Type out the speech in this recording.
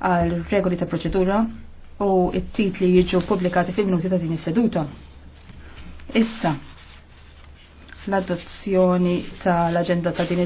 għal regoli ta' proċedura u it-titli jiġu publikati fil-minuti ta' din is-seduta. Issa, l-adozzjoni tal-agenda ta' din